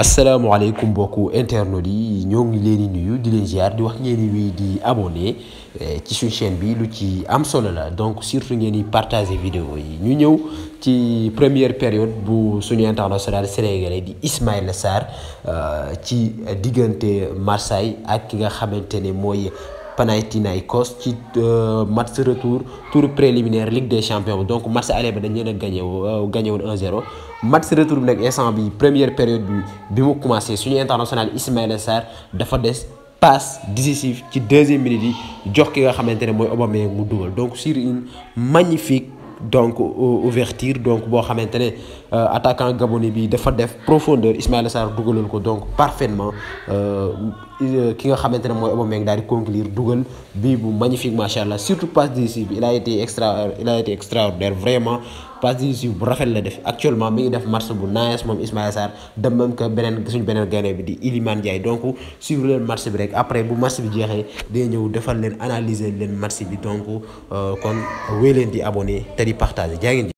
asalaamaaleykum mbokku internautes yi ñoo ngi leen di nuyu di leen ziar di wax ngeen wii di abonné eh, ci suñu chaîne bi lu ci am solo la donc surtout ngeen di partager vidéo yi ñu ñëw ci première période bu suñu international sénégalais di Ismaïla Sarr euh, ci diggante Marseille ak ki nga xamante ne mooy Panathinaikos ci euh, match retour tour préliminaire Ligue des champions donc match aller ba dañ leen gagné euh, gagné 1-0 match retour bi nag instant bi première période bi bi mu commencé suñu international Ismaël Sarr dafa des passe décisive ci deuxième minute yi jox ki nga xamante ne mooy Aubameyang mu dugal donc sur une magnifique donc ouverture donc bo xamantene euh, attaquant gabonais bi dafa def profondeur Ismaël Sarr dugaloon donc parfaitement euh, euh, ki nga xamantene mooy Aubameyang conclure dugal magnifique macha surtout passe décisive il a été extra il a été extraordinaire vraiment. passe décisive bu rafet la def actuellement mi ngi def match bu nice moom Ismaïla Sarr de même beneen suñ beneen gaynde bi di Iliman Ndiaye donc suivre leen match bi rek après bu match bi jeexee day ñëw defal leen analyser leen match bi donc euh, kon wéy leen di abonné te di partager jaa ngeen